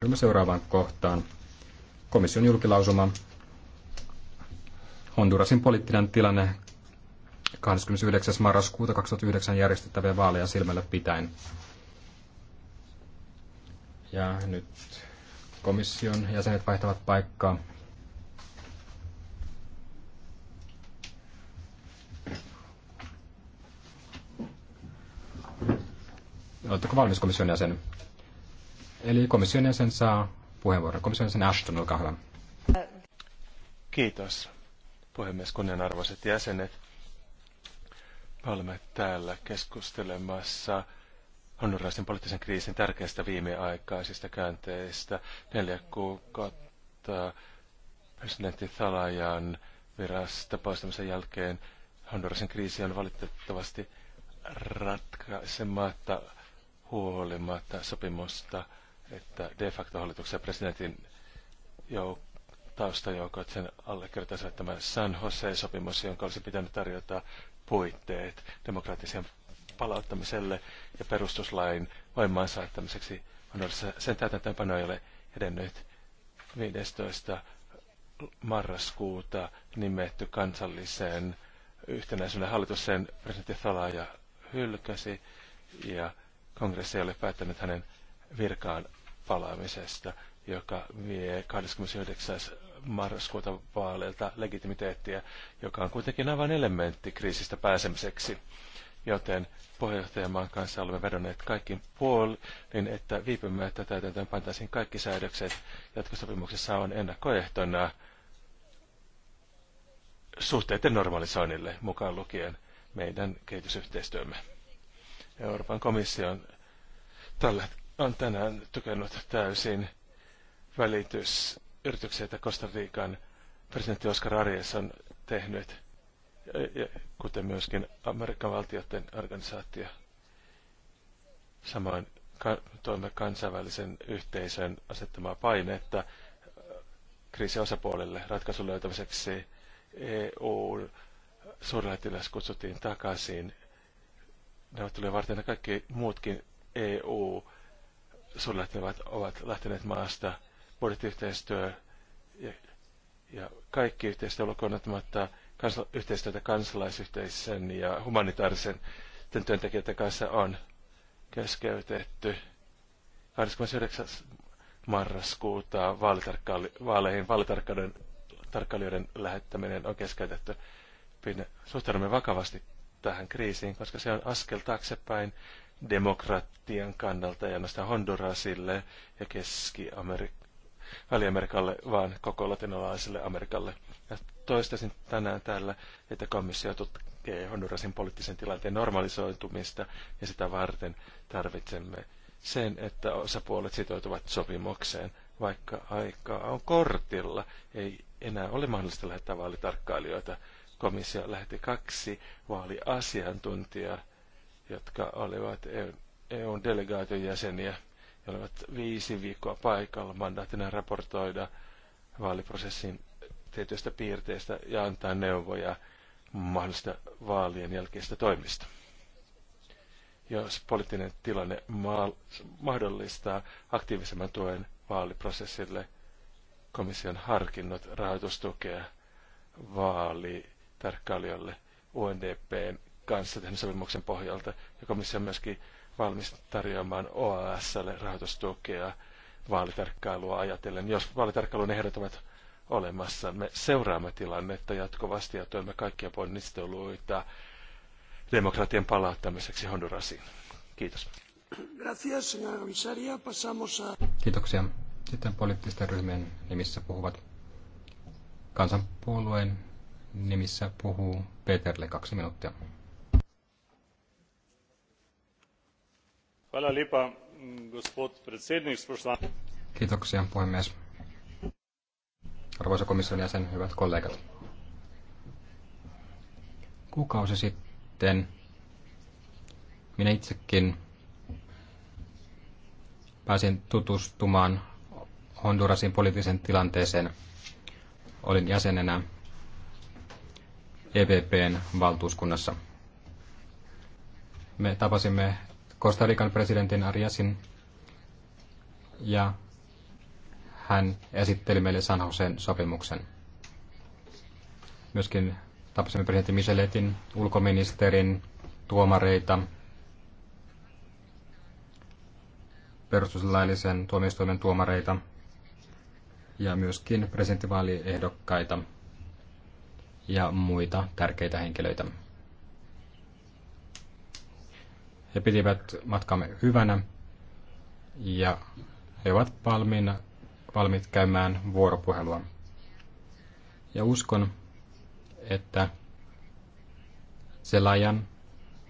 Siirrymme seuraavaan kohtaan. Komission julkilausuma. Hondurasin poliittinen tilanne 29. marraskuuta 2009 järjestettäviä vaaleja silmällä pitäen. Ja nyt komission jäsenet vaihtavat paikkaa. Oletteko valmis komission jäsen? Eli komission jäsen saa puheenvuoron. Komission jäsen Ashton, olkaa hyvä. Kiitos, puhemies, kunnianarvoiset jäsenet. Me olemme täällä keskustelemassa Hondurasin poliittisen kriisin tärkeistä viimeaikaisista käänteistä neljä kuukautta presidentti Thalajan virasta poistamisen jälkeen Hondurasin kriisi on valitettavasti ratkaisematta huolimatta sopimusta että de facto hallituksen presidentin jouk- taustajoukot sen allekirjoittaisivat tämä San Jose-sopimus, jonka olisi pitänyt tarjota puitteet demokraattisen palauttamiselle ja perustuslain voimaan saattamiseksi. sen täytäntöönpano ei ole edennyt 15. marraskuuta nimetty kansalliseen yhtenäisyyden hallitus sen presidentti Thalaja hylkäsi ja kongressi ei ole päättänyt hänen virkaan palaamisesta, joka vie 29. marraskuuta vaaleilta legitimiteettiä, joka on kuitenkin aivan elementti kriisistä pääsemiseksi. Joten puheenjohtajamaan kanssa olemme vedonneet kaikkiin puolin, niin että viipymättä täytäntöön pantaisiin kaikki säädökset. Jatkosopimuksessa on ennakkoehtona suhteiden normalisoinnille mukaan lukien meidän kehitysyhteistyömme. Euroopan komission tällä on tänään tukenut täysin välitysyrityksiä, että Costa Rican presidentti Oscar Arias on tehnyt, kuten myöskin Amerikan valtioiden organisaatio. Samoin toimme kansainvälisen yhteisön asettamaa painetta äh, kriisin osapuolille ratkaisun löytämiseksi. EU suurlähettiläs kutsuttiin takaisin. tulleet varten kaikki muutkin EU suurlähdet ovat, ovat lähteneet maasta. Budjettiyhteistyö ja, ja kaikki yhteistyö lukuun ottamatta kansala- yhteistyötä kansalaisyhteisön ja humanitaarisen työntekijöiden kanssa on keskeytetty 29. marraskuuta vaalitarkkaali- vaaleihin vaalitarkkailijoiden lähettäminen on keskeytetty. Suhtaudumme vakavasti tähän kriisiin, koska se on askel taaksepäin demokratian kannalta ja ainoastaan Hondurasille ja Keski-Amerikalle, vaan koko latinalaiselle Amerikalle. Ja toistaisin tänään täällä, että komissio tutkii Hondurasin poliittisen tilanteen normalisoitumista ja sitä varten tarvitsemme sen, että osapuolet sitoutuvat sopimukseen, vaikka aikaa on kortilla, ei enää ole mahdollista lähettää vaalitarkkailijoita. Komissio lähetti kaksi vaaliasiantuntijaa jotka olivat EUn e delegaation jäseniä ja olivat viisi viikkoa paikalla mandaattina raportoida vaaliprosessin tietyistä piirteistä ja antaa neuvoja mahdollista vaalien jälkeistä toimista. Jos poliittinen tilanne mahdollistaa aktiivisemman tuen vaaliprosessille, komission harkinnot rahoitustukea vaalitarkkailijoille UNDPn kanssa tämän sopimuksen pohjalta, ja komissio on myöskin valmis tarjoamaan OASlle rahoitustukea vaalitarkkailua ajatellen. Jos vaalitarkkailun ehdot ovat olemassa, me seuraamme tilannetta jatkuvasti ja toimme kaikkia ponnisteluita demokratian palauttamiseksi Hondurasiin. Kiitos. Kiitoksia. Sitten poliittisten ryhmien nimissä puhuvat. Kansanpuolueen nimissä puhuu Peterle kaksi minuuttia. Kiitoksia puhemies. Arvoisa komission jäsen, hyvät kollegat. Kuukausi sitten minä itsekin pääsin tutustumaan Hondurasin poliittiseen tilanteeseen. Olin jäsenenä EVPn valtuuskunnassa. Me tapasimme Costa Rican presidentin Ariasin ja hän esitteli meille San Joseen sopimuksen. Myöskin tapasimme presidentti Micheletin, ulkoministerin, tuomareita, perustuslaillisen tuomioistuimen tuomareita ja myöskin presidenttivaaliehdokkaita ja muita tärkeitä henkilöitä. He pitivät matkamme hyvänä ja he ovat valmiina, valmiit käymään vuoropuhelua. Ja uskon, että Selajan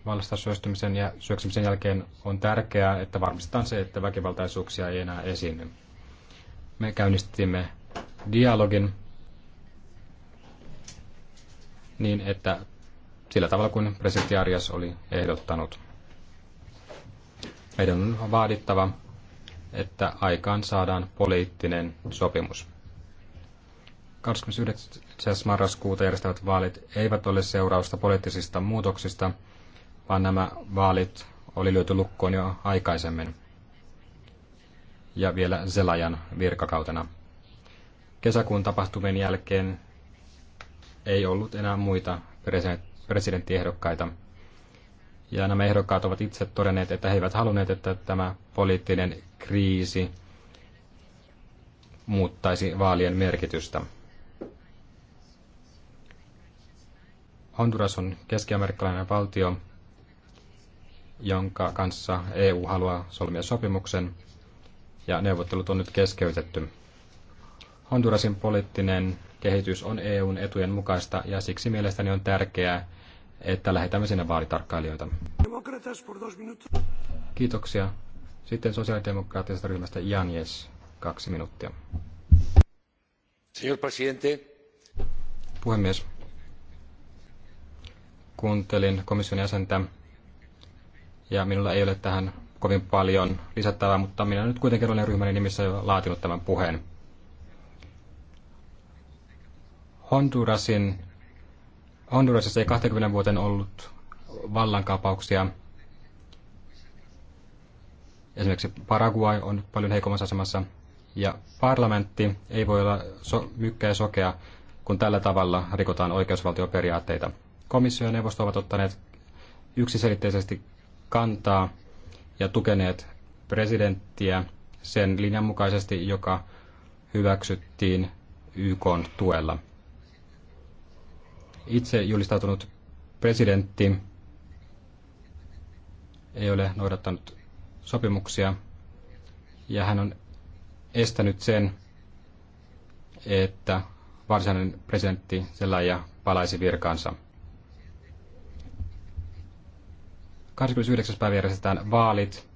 vallasta syöstymisen ja syöksymisen jälkeen on tärkeää, että varmistetaan se, että väkivaltaisuuksia ei enää esiinny. Me käynnistimme dialogin niin, että sillä tavalla kuin presidentti Arias oli ehdottanut. Meidän on vaadittava, että aikaan saadaan poliittinen sopimus. 29. marraskuuta järjestävät vaalit eivät ole seurausta poliittisista muutoksista, vaan nämä vaalit oli lyöty lukkoon jo aikaisemmin ja vielä Zelajan virkakautena. Kesäkuun tapahtumien jälkeen ei ollut enää muita presidenttiehdokkaita. Ja nämä ehdokkaat ovat itse todenneet, että he eivät halunneet, että tämä poliittinen kriisi muuttaisi vaalien merkitystä. Honduras on keskiamerikkalainen valtio, jonka kanssa EU haluaa solmia sopimuksen, ja neuvottelut on nyt keskeytetty. Hondurasin poliittinen kehitys on EUn etujen mukaista, ja siksi mielestäni on tärkeää, että lähetämme sinne vaalitarkkailijoita. Kiitoksia. Sitten sosiaalidemokraattisesta ryhmästä Jan Jes, kaksi minuuttia. Señor presidente. Puhemies. Kuuntelin komission jäsentä ja minulla ei ole tähän kovin paljon lisättävää, mutta minä nyt kuitenkin olen ryhmäni nimissä jo laatinut tämän puheen. Hondurasin Hondurasissa ei 20 vuoteen ollut vallankaapauksia, Esimerkiksi Paraguay on paljon heikommassa asemassa. Ja parlamentti ei voi olla so- mykkä ja sokea, kun tällä tavalla rikotaan oikeusvaltioperiaatteita. Komissio ja neuvosto ovat ottaneet yksiselitteisesti kantaa ja tukeneet presidenttiä sen linjan mukaisesti, joka hyväksyttiin YK tuella itse julistautunut presidentti ei ole noudattanut sopimuksia ja hän on estänyt sen, että varsinainen presidentti sellaisia palaisi virkaansa. 29. päivä järjestetään vaalit,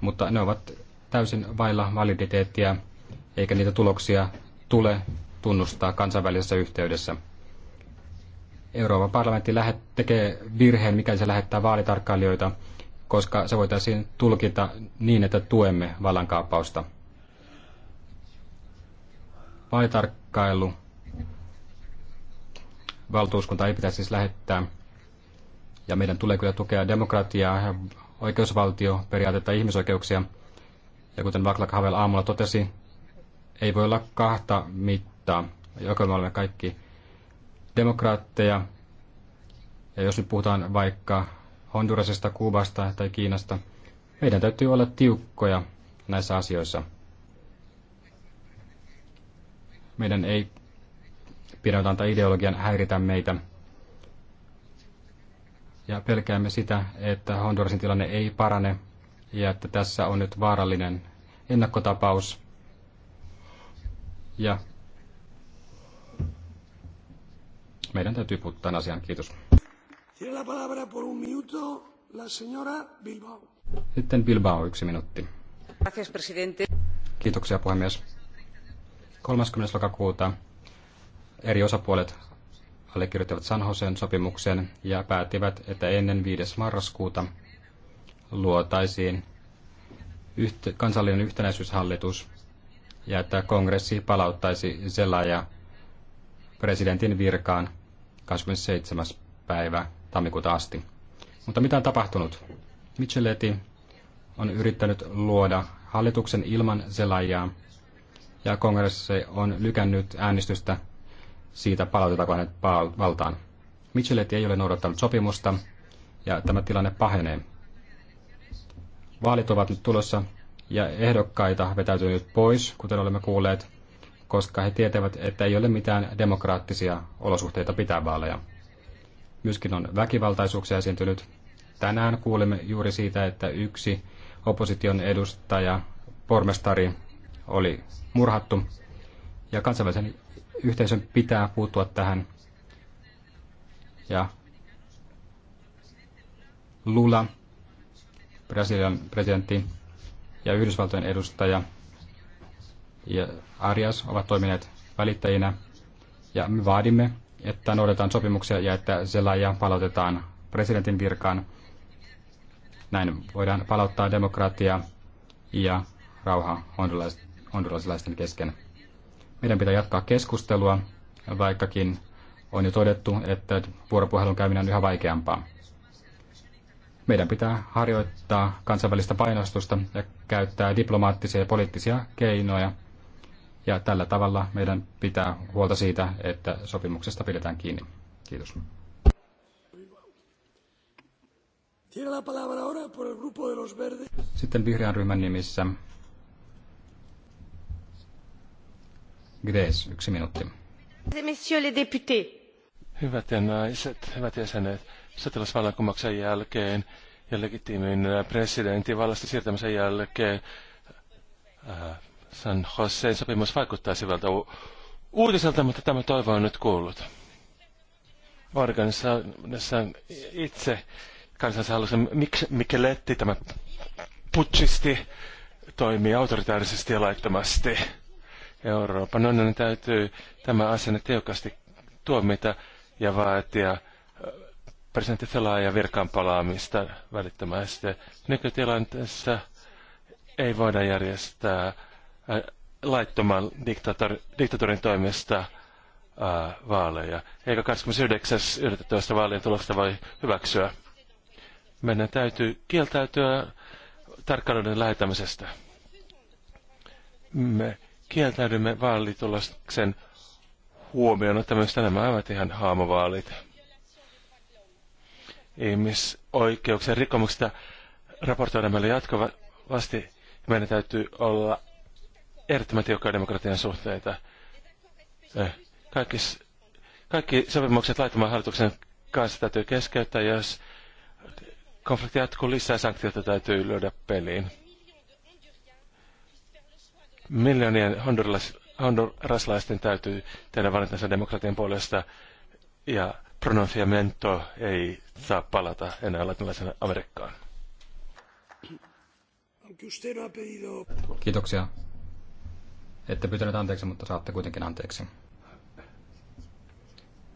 mutta ne ovat täysin vailla validiteettiä, eikä niitä tuloksia tule tunnustaa kansainvälisessä yhteydessä – Euroopan parlamentti lähet, tekee virheen, mikäli se lähettää vaalitarkkailijoita, koska se voitaisiin tulkita niin, että tuemme vallankaappausta. Vaalitarkkailu valtuuskunta ei pitäisi siis lähettää. Ja meidän tulee kyllä tukea demokratiaa oikeusvaltio, periaatetta ihmisoikeuksia. Ja kuten Vaklak Havel aamulla totesi, ei voi olla kahta mittaa, joko me olemme kaikki demokraatteja. Ja jos nyt puhutaan vaikka Hondurasista, Kuubasta tai Kiinasta, meidän täytyy olla tiukkoja näissä asioissa. Meidän ei pidä antaa ideologian häiritä meitä. Ja pelkäämme sitä, että Hondurasin tilanne ei parane ja että tässä on nyt vaarallinen ennakkotapaus. Ja Meidän täytyy puuttua tämän asian. Kiitos. Sitten Bilbao, yksi minuutti. Kiitoksia puhemies. 30. lokakuuta eri osapuolet allekirjoittivat San Joseen sopimuksen ja päättivät, että ennen 5. marraskuuta luotaisiin yhtä, kansallinen yhtenäisyyshallitus ja että kongressi palauttaisi Zelaya presidentin virkaan 27. päivä tammikuuta asti. Mutta mitä on tapahtunut? Micheletti on yrittänyt luoda hallituksen ilman selajaa, ja kongressi on lykännyt äänestystä siitä, palautetaanko hänet valtaan. Micheletti ei ole noudattanut sopimusta, ja tämä tilanne pahenee. Vaalit ovat nyt tulossa, ja ehdokkaita vetäytyy nyt pois, kuten olemme kuulleet koska he tietävät, että ei ole mitään demokraattisia olosuhteita pitää vaaleja. Myöskin on väkivaltaisuuksia esiintynyt. Tänään kuulemme juuri siitä, että yksi opposition edustaja, pormestari, oli murhattu. Ja kansainvälisen yhteisön pitää puuttua tähän. Ja Lula, Brasilian presidentti ja Yhdysvaltojen edustaja ja Arias ovat toimineet välittäjinä. Ja me vaadimme, että noudatetaan sopimuksia ja että Zelaya palautetaan presidentin virkaan. Näin voidaan palauttaa demokratia ja rauha hondurasilaisten kesken. Meidän pitää jatkaa keskustelua, vaikkakin on jo todettu, että vuoropuhelun käyminen on yhä vaikeampaa. Meidän pitää harjoittaa kansainvälistä painostusta ja käyttää diplomaattisia ja poliittisia keinoja – ja tällä tavalla meidän pitää huolta siitä, että sopimuksesta pidetään kiinni. Kiitos. Sitten vihreän ryhmän nimissä Gres, yksi minuutti. Hyvät ja naiset, hyvät jäsenet, sotilasvallankumouksen jälkeen ja legitiimin presidentin vallasta siirtämisen jälkeen äh, San Joseen sopimus vaikuttaa syvältä u- uutiselta, mutta tämä toivo on nyt kuullut. Organisaatiossa itse kansansa halusi, miksi Mikeletti, tämä putsisti, toimii autoritaarisesti ja laittomasti. Euroopan niin täytyy tämä asenne tiukasti tuomita ja vaatia presidentti ja virkaan palaamista välittömästi. Nykytilanteessa ei voida järjestää laittoman diktator, diktatorin toimesta ää, vaaleja, eikä 29.11. vaalien tulosta voi hyväksyä. Meidän täytyy kieltäytyä tarkkailuiden lähetämisestä. Me kieltäydymme vaalituloksen huomioon tämmöistä nämä ovat ihan haamavaalit. Ihmisoikeuksien rikkomuksista raportoidaan meille jatkuvasti. Meidän täytyy olla erittäin tiukkoja demokratian suhteita. Eh, kaikki, kaikki sopimukset laittoman hallituksen kanssa täytyy keskeyttää, jos konflikti jatkuu lisää, sanktioita täytyy lyödä peliin. Miljoonien hondurilais, honduraslaisten täytyy tehdä valintansa demokratian puolesta ja pronunciamento ei saa palata enää latinalaisena Amerikkaan. Kiitoksia. Ette pyytänyt anteeksi, mutta saatte kuitenkin anteeksi.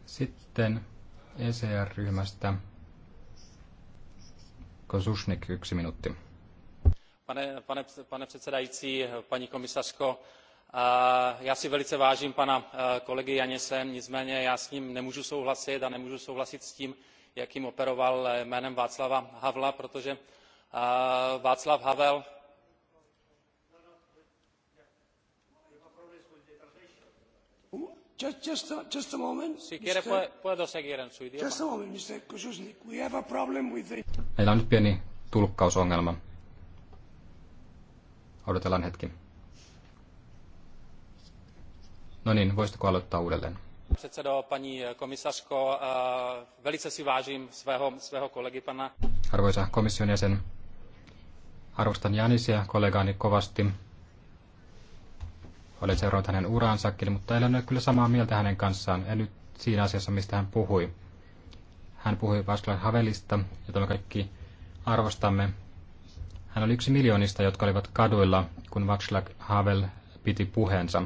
Sitten ECR-ryhmästä Kosushnik, yksi minuutti. Pane, pane, pane předsedající, paní komisařko, já si velice vážím pana kolegy Janise, nicméně já s ním nemůžu souhlasit a nemůžu souhlasit s tím, jakým operoval jménem Václava Havla, protože Václav Havel Mm? Just, just, a, just a moment. Si quiere puede, puedo seguir en su idioma. Just a moment, Mr. Kususnik. We have a problem with the... Meillä on nyt pieni tulkkausongelma. Odotellaan hetki. No niin, voisitko aloittaa uudelleen? Předsedo, paní komisařko, eh, velice si vážím svého, svého kolegy pana. Arvoisa komission jäsen, arvostan Janisia kollegaani kovasti olen seurannut hänen uraansakin, mutta en ole kyllä samaa mieltä hänen kanssaan. En nyt siinä asiassa, mistä hän puhui. Hän puhui Václav Havelista, jota me kaikki arvostamme. Hän oli yksi miljoonista, jotka olivat kaduilla, kun Václav Havel piti puheensa.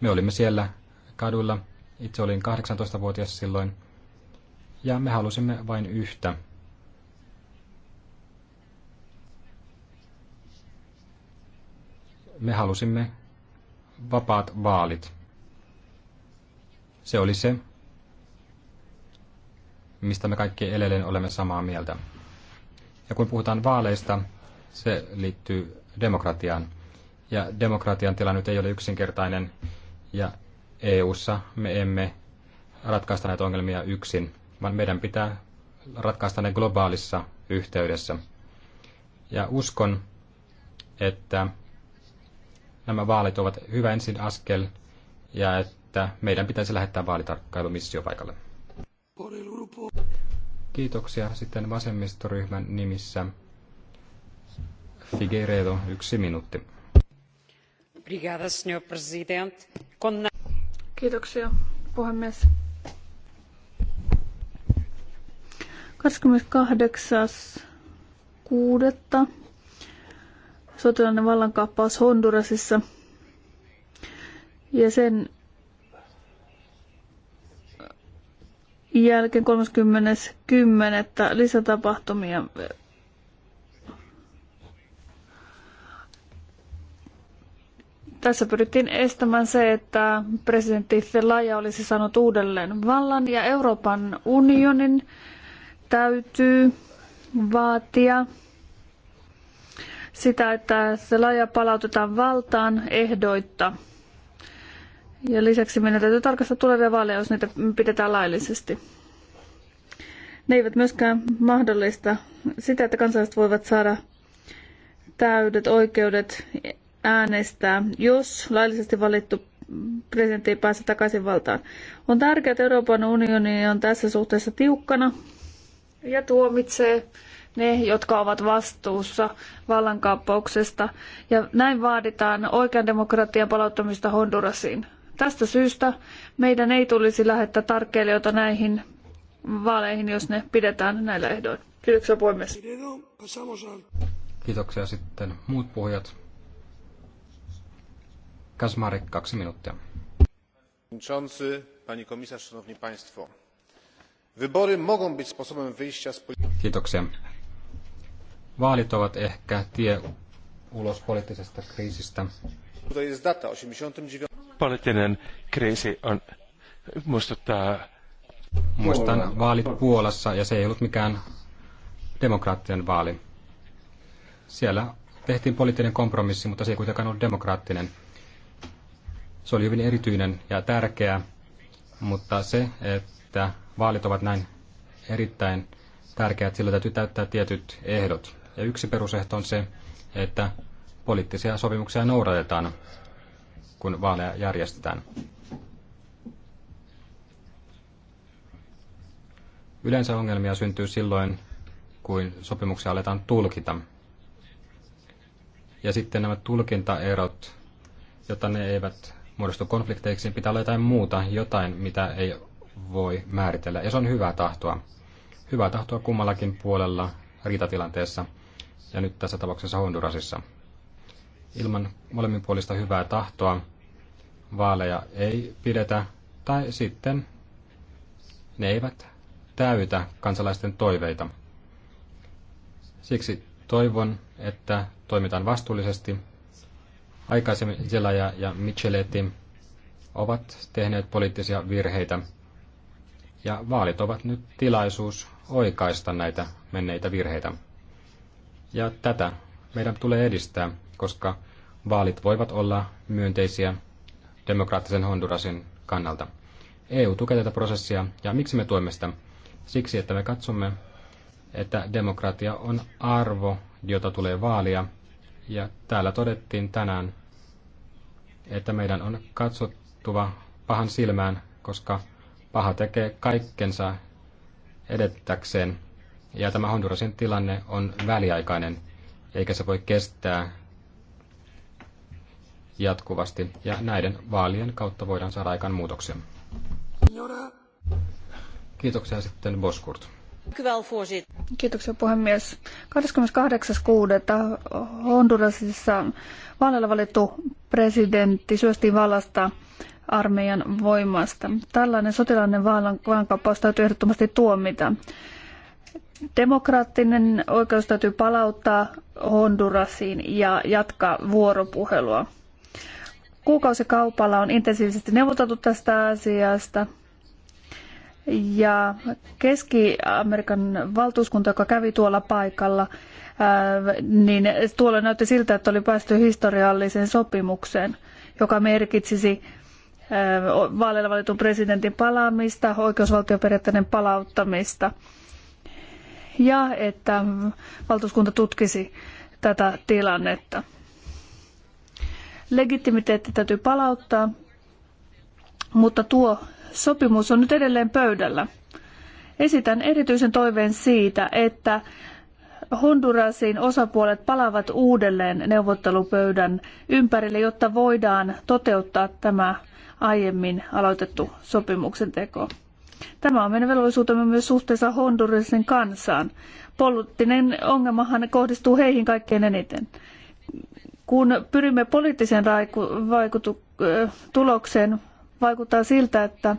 Me olimme siellä kaduilla. Itse olin 18-vuotias silloin. Ja me halusimme vain yhtä – me halusimme vapaat vaalit. Se oli se, mistä me kaikki edelleen olemme samaa mieltä. Ja kun puhutaan vaaleista, se liittyy demokratiaan. Ja demokratian tila nyt ei ole yksinkertainen, ja EU:ssa me emme ratkaista näitä ongelmia yksin, vaan meidän pitää ratkaista ne globaalissa yhteydessä. Ja uskon, että nämä vaalit ovat hyvä ensin askel ja että meidän pitäisi lähettää vaalitarkkailumissio paikalle. Kiitoksia sitten vasemmistoryhmän nimissä. Figueiredo, yksi minuutti. Kiitoksia, puhemies. 28.6 sotilainen vallankaappaus Hondurasissa ja sen jälkeen 30.10. lisätapahtumia. Tässä pyrittiin estämään se, että presidentti Zelaya olisi saanut uudelleen vallan ja Euroopan unionin täytyy vaatia sitä, että Zelaya palautetaan valtaan ehdoitta. Ja lisäksi meidän täytyy tarkastaa tulevia vaaleja, jos niitä pidetään laillisesti. Ne eivät myöskään mahdollista sitä, että kansalaiset voivat saada täydet oikeudet äänestää, jos laillisesti valittu presidentti ei pääse takaisin valtaan. On tärkeää, että Euroopan unioni on tässä suhteessa tiukkana ja tuomitsee ne, jotka ovat vastuussa vallankaappauksesta. Ja näin vaaditaan oikean demokratian palauttamista Hondurasiin. Tästä syystä meidän ei tulisi lähettää tarkkeilijoita näihin vaaleihin, jos ne pidetään näillä ehdoin. Kiitoksia puhemies. Kiitoksia sitten muut puhujat. Kasmari, kaksi minuuttia. Kiitoksia Vaalit ovat ehkä tie ulos poliittisesta kriisistä. Poliittinen kriisi on, muistuttaa... Muistan vaalit Puolassa ja se ei ollut mikään demokraattinen vaali. Siellä tehtiin poliittinen kompromissi, mutta se ei kuitenkaan ollut demokraattinen. Se oli hyvin erityinen ja tärkeä, mutta se, että vaalit ovat näin erittäin tärkeät, sillä täytyy täyttää tietyt ehdot. Ja yksi perusehto on se, että poliittisia sopimuksia noudatetaan, kun vaaleja järjestetään. Yleensä ongelmia syntyy silloin, kun sopimuksia aletaan tulkita. Ja sitten nämä tulkintaerot, jotta ne eivät muodostu konflikteiksi, pitää olla jotain muuta, jotain, mitä ei voi määritellä. Ja se on hyvää tahtoa. Hyvää tahtoa kummallakin puolella riitatilanteessa – ja nyt tässä tapauksessa Hondurasissa. Ilman molemminpuolista hyvää tahtoa vaaleja ei pidetä tai sitten ne eivät täytä kansalaisten toiveita. Siksi toivon, että toimitaan vastuullisesti. Aikaisemmin Zelaja ja Micheletti ovat tehneet poliittisia virheitä, ja vaalit ovat nyt tilaisuus oikaista näitä menneitä virheitä. Ja tätä meidän tulee edistää, koska vaalit voivat olla myönteisiä demokraattisen Hondurasin kannalta. EU tukee tätä prosessia ja miksi me tuemme sitä? Siksi, että me katsomme, että demokratia on arvo, jota tulee vaalia. Ja täällä todettiin tänään, että meidän on katsottuva pahan silmään, koska paha tekee kaikkensa edettäkseen ja tämä Hondurasin tilanne on väliaikainen, eikä se voi kestää jatkuvasti. Ja näiden vaalien kautta voidaan saada aikaan muutoksia. Kiitoksia sitten Boskurt. Kiitoksia puhemies. 28.6. Hondurasissa vaaleilla valittu presidentti syöstiin vallasta armeijan voimasta. Tällainen sotilainen vaankaappaus täytyy ehdottomasti tuomita. Demokraattinen oikeus täytyy palauttaa Hondurasiin ja jatkaa vuoropuhelua. Kuukausikaupalla on intensiivisesti neuvoteltu tästä asiasta. Ja Keski-Amerikan valtuuskunta, joka kävi tuolla paikalla, äh, niin tuolla näytti siltä, että oli päästy historialliseen sopimukseen, joka merkitsisi äh, vaaleilla valitun presidentin palaamista, oikeusvaltioperiaatteiden palauttamista – ja että valtuuskunta tutkisi tätä tilannetta. Legitimiteetti täytyy palauttaa, mutta tuo sopimus on nyt edelleen pöydällä. Esitän erityisen toiveen siitä, että Hondurasin osapuolet palaavat uudelleen neuvottelupöydän ympärille, jotta voidaan toteuttaa tämä aiemmin aloitettu sopimuksen teko. Tämä on meidän velvollisuutemme myös suhteessa Hondurasin kansaan. Poliittinen ongelmahan kohdistuu heihin kaikkein eniten. Kun pyrimme poliittiseen vaikutu- tulokseen, vaikuttaa siltä, että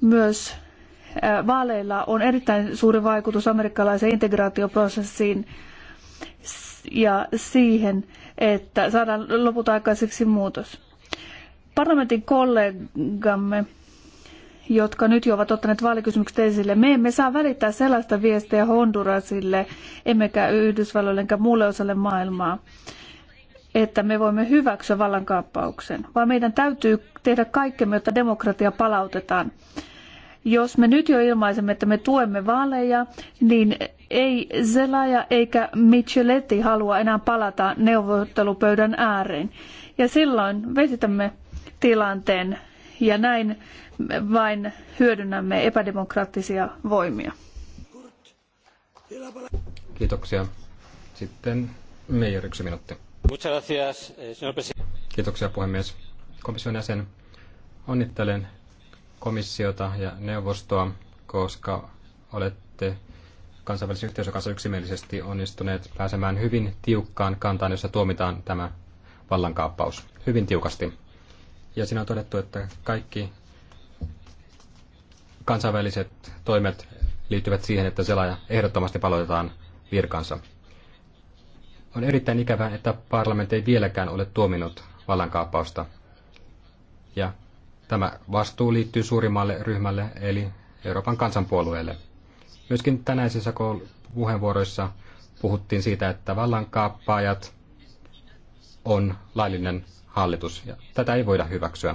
myös vaaleilla on erittäin suuri vaikutus amerikkalaiseen integraatioprosessiin ja siihen, että saadaan lopulta aikaiseksi muutos. Parlamentin kollegamme jotka nyt jo ovat ottaneet vaalikysymykset esille. Me emme saa välittää sellaista viestiä Hondurasille, emmekä Yhdysvalloille, enkä muulle osalle maailmaa, että me voimme hyväksyä vallankaappauksen, vaan meidän täytyy tehdä kaikkemme, jotta demokratia palautetaan. Jos me nyt jo ilmaisemme, että me tuemme vaaleja, niin ei Zelaya eikä Micheletti halua enää palata neuvottelupöydän ääreen. Ja silloin vesitämme tilanteen ja näin me vain hyödynnämme epädemokraattisia voimia. Kiitoksia. Sitten Meijer, yksi minuutti. Eh, Kiitoksia puhemies. Komission jäsen, onnittelen komissiota ja neuvostoa, koska olette kansainvälisen yhteisön kanssa yksimielisesti onnistuneet pääsemään hyvin tiukkaan kantaan, jossa tuomitaan tämä vallankaappaus hyvin tiukasti. Ja siinä on todettu, että kaikki kansainväliset toimet liittyvät siihen, että selaaja ehdottomasti palautetaan virkansa. On erittäin ikävää, että parlamentti ei vieläkään ole tuominut vallankaappausta. Ja tämä vastuu liittyy suurimmalle ryhmälle, eli Euroopan kansanpuolueelle. Myöskin tänäisissä puheenvuoroissa puhuttiin siitä, että vallankaappaajat on laillinen hallitus, ja tätä ei voida hyväksyä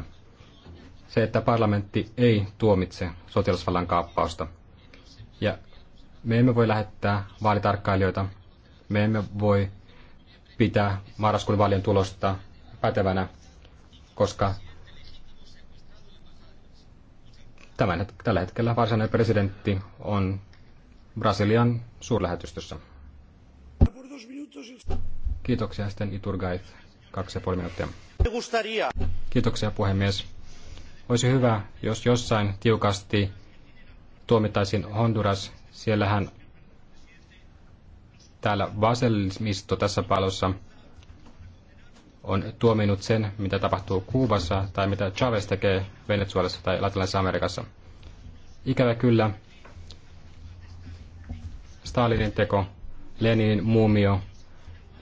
se, että parlamentti ei tuomitse sotilasvallan kaappausta. Ja me emme voi lähettää vaalitarkkailijoita, me emme voi pitää marraskuun vaalien tulosta pätevänä, koska tämän, tällä hetkellä varsinainen presidentti on Brasilian suurlähetystössä. Kiitoksia sitten Iturgait, kaksi ja puoli minuuttia. Kiitoksia puhemies olisi hyvä, jos jossain tiukasti tuomittaisiin Honduras. Siellähän täällä vasemmisto tässä palossa on tuominut sen, mitä tapahtuu Kuubassa tai mitä Chavez tekee Venezuelassa tai Latinalaisessa Amerikassa. Ikävä kyllä, Stalinin teko, Leninin muumio,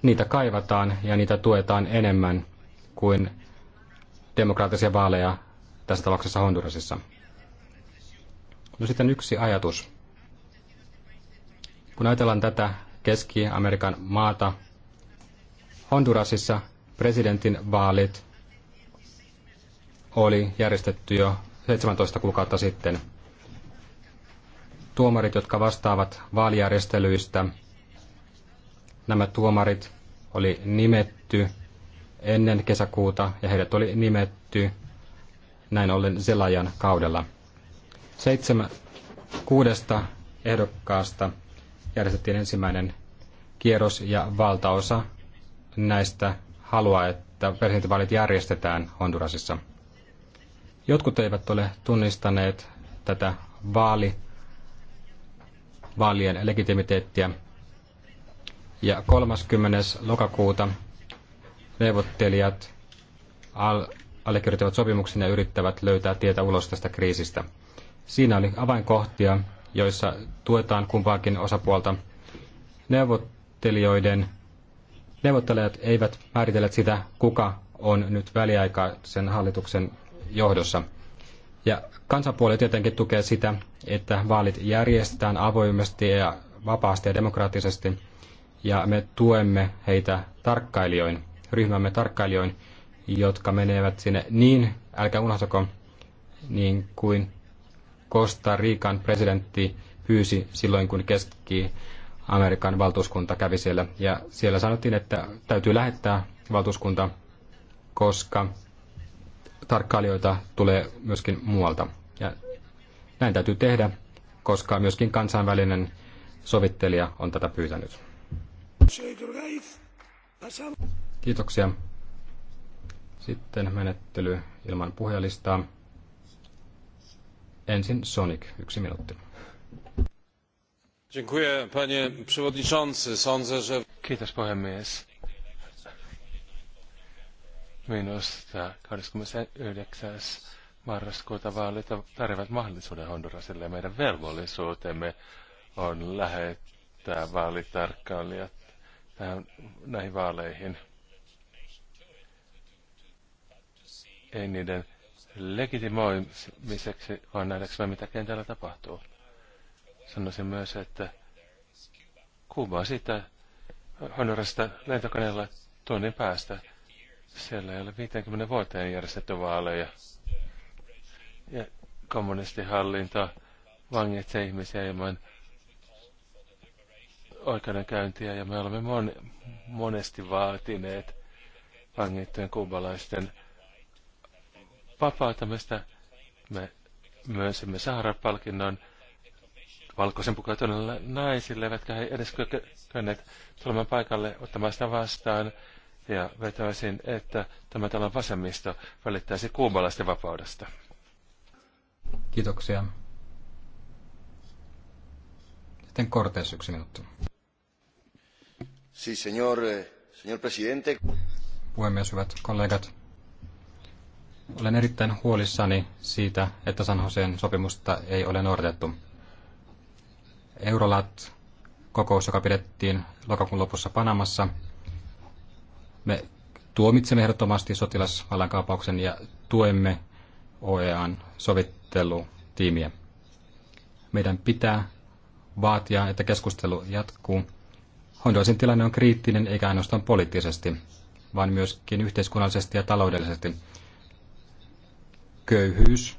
niitä kaivataan ja niitä tuetaan enemmän kuin demokraattisia vaaleja tässä tapauksessa Hondurasissa. No sitten yksi ajatus. Kun ajatellaan tätä Keski-Amerikan maata, Hondurasissa presidentin vaalit oli järjestetty jo 17 kuukautta sitten. Tuomarit, jotka vastaavat vaalijärjestelyistä, nämä tuomarit oli nimetty ennen kesäkuuta ja heidät oli nimetty näin ollen Selajan kaudella. Seitsemän kuudesta ehdokkaasta järjestettiin ensimmäinen kierros ja valtaosa näistä haluaa, että presidentinvaalit järjestetään Hondurasissa. Jotkut eivät ole tunnistaneet tätä vaali, vaalien legitimiteettiä. Ja 30. lokakuuta neuvottelijat Al allekirjoittivat sopimuksen ja yrittävät löytää tietä ulos tästä kriisistä. Siinä oli avainkohtia, joissa tuetaan kumpaakin osapuolta. Neuvottelijoiden neuvottelijat eivät määritelleet sitä, kuka on nyt väliaikaisen hallituksen johdossa. Ja kansanpuoli tietenkin tukee sitä, että vaalit järjestetään avoimesti ja vapaasti ja demokraattisesti, ja me tuemme heitä tarkkailijoin, ryhmämme tarkkailijoin, jotka menevät sinne niin, älkää unohtako, niin kuin Costa Rican presidentti pyysi silloin, kun Keski-Amerikan valtuuskunta kävi siellä. Ja siellä sanottiin, että täytyy lähettää valtuuskunta, koska tarkkailijoita tulee myöskin muualta. Ja näin täytyy tehdä, koska myöskin kansainvälinen sovittelija on tätä pyytänyt. Kiitoksia. Sitten menettely ilman puhelistaa. Ensin Sonic, yksi minuutti. Kiitos puhemies. Minusta 29. marraskuuta vaalit tarjoavat mahdollisuuden Hondurasille ja meidän velvollisuutemme on lähettää vaalitarkkailijat tähän, näihin vaaleihin – ei niiden legitimoimiseksi, vaan nähdäksemme, mitä kentällä tapahtuu. Sanoisin myös, että kuvaa sitä Honorasta lentokoneella tunnin päästä. Siellä ei ole 50 vuoteen järjestetty vaaleja. Ja kommunistihallinto vangitsee ihmisiä ilman oikeudenkäyntiä ja me olemme mon, monesti vaatineet vangittujen kuubalaisten vapautamista. Me myönsimme Sahara-palkinnon valkoisen pukeutuneille naisille, eivätkä he edes kyenneet tulemaan paikalle ottamaan sitä vastaan. Ja vetäisin, että tämä talon vasemmisto välittäisi kuubalaisten vapaudesta. Kiitoksia. Sitten Cortes yksi minuutti. Si, señor, eh, señor presidente. Puhemies, hyvät kollegat. Olen erittäin huolissani siitä, että San Joseen sopimusta ei ole noudatettu. Eurolat kokous, joka pidettiin lokakuun lopussa Panamassa. Me tuomitsemme ehdottomasti sotilasvallankaappauksen ja tuemme OEAn sovittelutiimiä. Meidän pitää vaatia, että keskustelu jatkuu. Hondurasin tilanne on kriittinen eikä ainoastaan poliittisesti, vaan myöskin yhteiskunnallisesti ja taloudellisesti köyhyys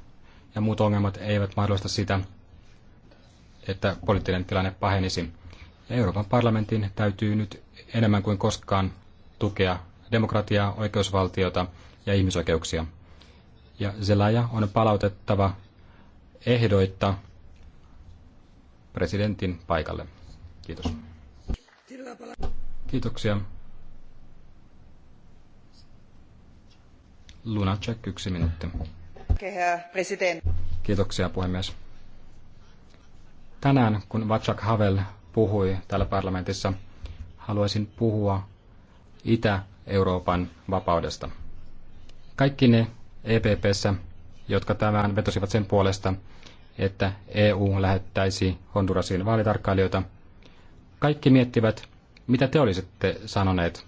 ja muut ongelmat eivät mahdollista sitä, että poliittinen tilanne pahenisi. Euroopan parlamentin täytyy nyt enemmän kuin koskaan tukea demokratiaa, oikeusvaltiota ja ihmisoikeuksia. Ja Zelaya on palautettava ehdoitta presidentin paikalle. Kiitos. Kiitoksia. Lunacek, yksi minuutti. Kiitoksia puhemies. Tänään, kun Vacak Havel puhui täällä parlamentissa, haluaisin puhua Itä-Euroopan vapaudesta. Kaikki ne EPPssä, jotka tämän vetosivat sen puolesta, että EU lähettäisi Hondurasiin vaalitarkkailijoita, kaikki miettivät, mitä te olisitte sanoneet,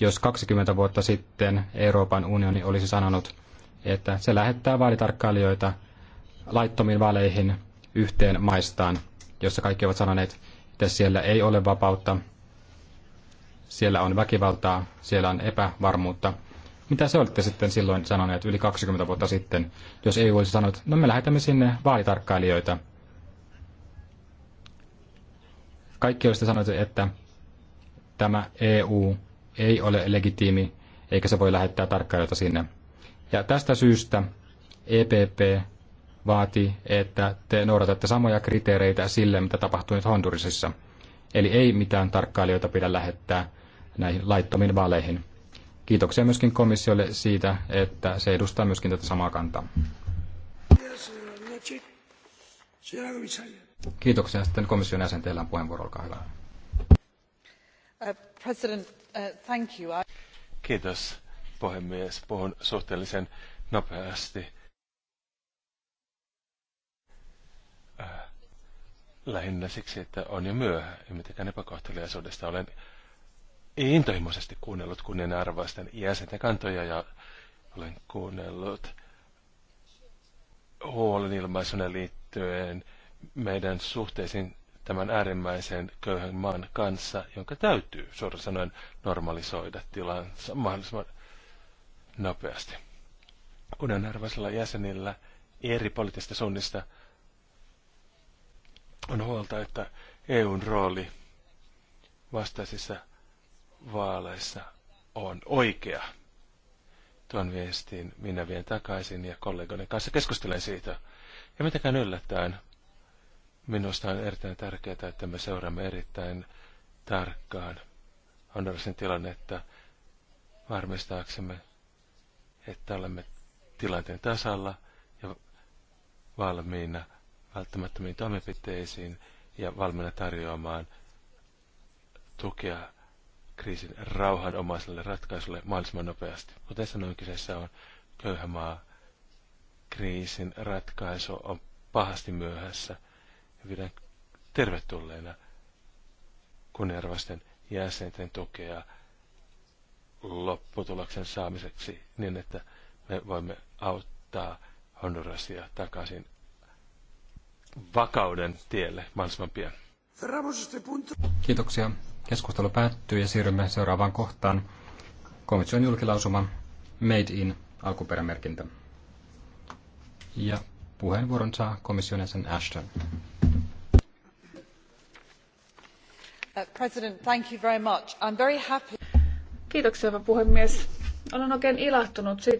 jos 20 vuotta sitten Euroopan unioni olisi sanonut, että se lähettää vaalitarkkailijoita laittomiin vaaleihin yhteen maistaan, jossa kaikki ovat sanoneet, että siellä ei ole vapautta, siellä on väkivaltaa, siellä on epävarmuutta. Mitä se olette sitten silloin sanoneet yli 20 vuotta sitten, jos EU olisi sanonut, että no me lähetämme sinne vaalitarkkailijoita. Kaikki olisitte sanoneet, että tämä EU ei ole legitiimi, eikä se voi lähettää tarkkailijoita sinne. Ja tästä syystä EPP vaati, että te noudatatte samoja kriteereitä sille, mitä tapahtui nyt Hondurisissa. Eli ei mitään tarkkailijoita pidä lähettää näihin laittomiin vaaleihin. Kiitoksia myöskin komissiolle siitä, että se edustaa myöskin tätä samaa kantaa. Kiitoksia. Sitten komission jäsen, teillä on puheenvuoro, olkaa hyvä. Uh, uh, Kiitos puhemies. Puhun suhteellisen nopeasti. Äh, lähinnä siksi, että on jo myöhä ja mitenkään epäkohteliaisuudesta olen intohimoisesti kuunnellut kunnianarvoisten jäsenten kantoja ja olen kuunnellut huolen ilmaisuna liittyen meidän suhteisiin tämän äärimmäisen köyhän maan kanssa, jonka täytyy suoraan sanoen normalisoida tilansa mahdollisimman nopeasti. Unionarvoisilla jäsenillä eri poliittisista suunnista on huolta, että EUn rooli vastaisissa vaaleissa on oikea. Tuon viestin minä vien takaisin ja kollegoiden kanssa keskustelen siitä. Ja mitenkään yllättäen, minusta on erittäin tärkeää, että me seuraamme erittäin tarkkaan Hondurasin tilannetta varmistaaksemme, että olemme tilanteen tasalla ja valmiina välttämättömiin toimenpiteisiin ja valmiina tarjoamaan tukea kriisin rauhanomaiselle ratkaisulle mahdollisimman nopeasti. Kuten sanoin, kyseessä on köyhä maa. Kriisin ratkaisu on pahasti myöhässä. Pidän tervetulleena kunnianarvoisten jäsenten tukea lopputuloksen saamiseksi niin, että me voimme auttaa Hondurasia takaisin vakauden tielle mahdollisimman pian. Kiitoksia. Keskustelu päättyy ja siirrymme seuraavaan kohtaan. Komission julkilausuma Made in alkuperämerkintä. Ja puheenvuoron saa komission jäsen Ashton. Uh, President, thank you very much. I'm very happy. Kiitoksia, puhemies. Olen oikein ilahtunut siitä,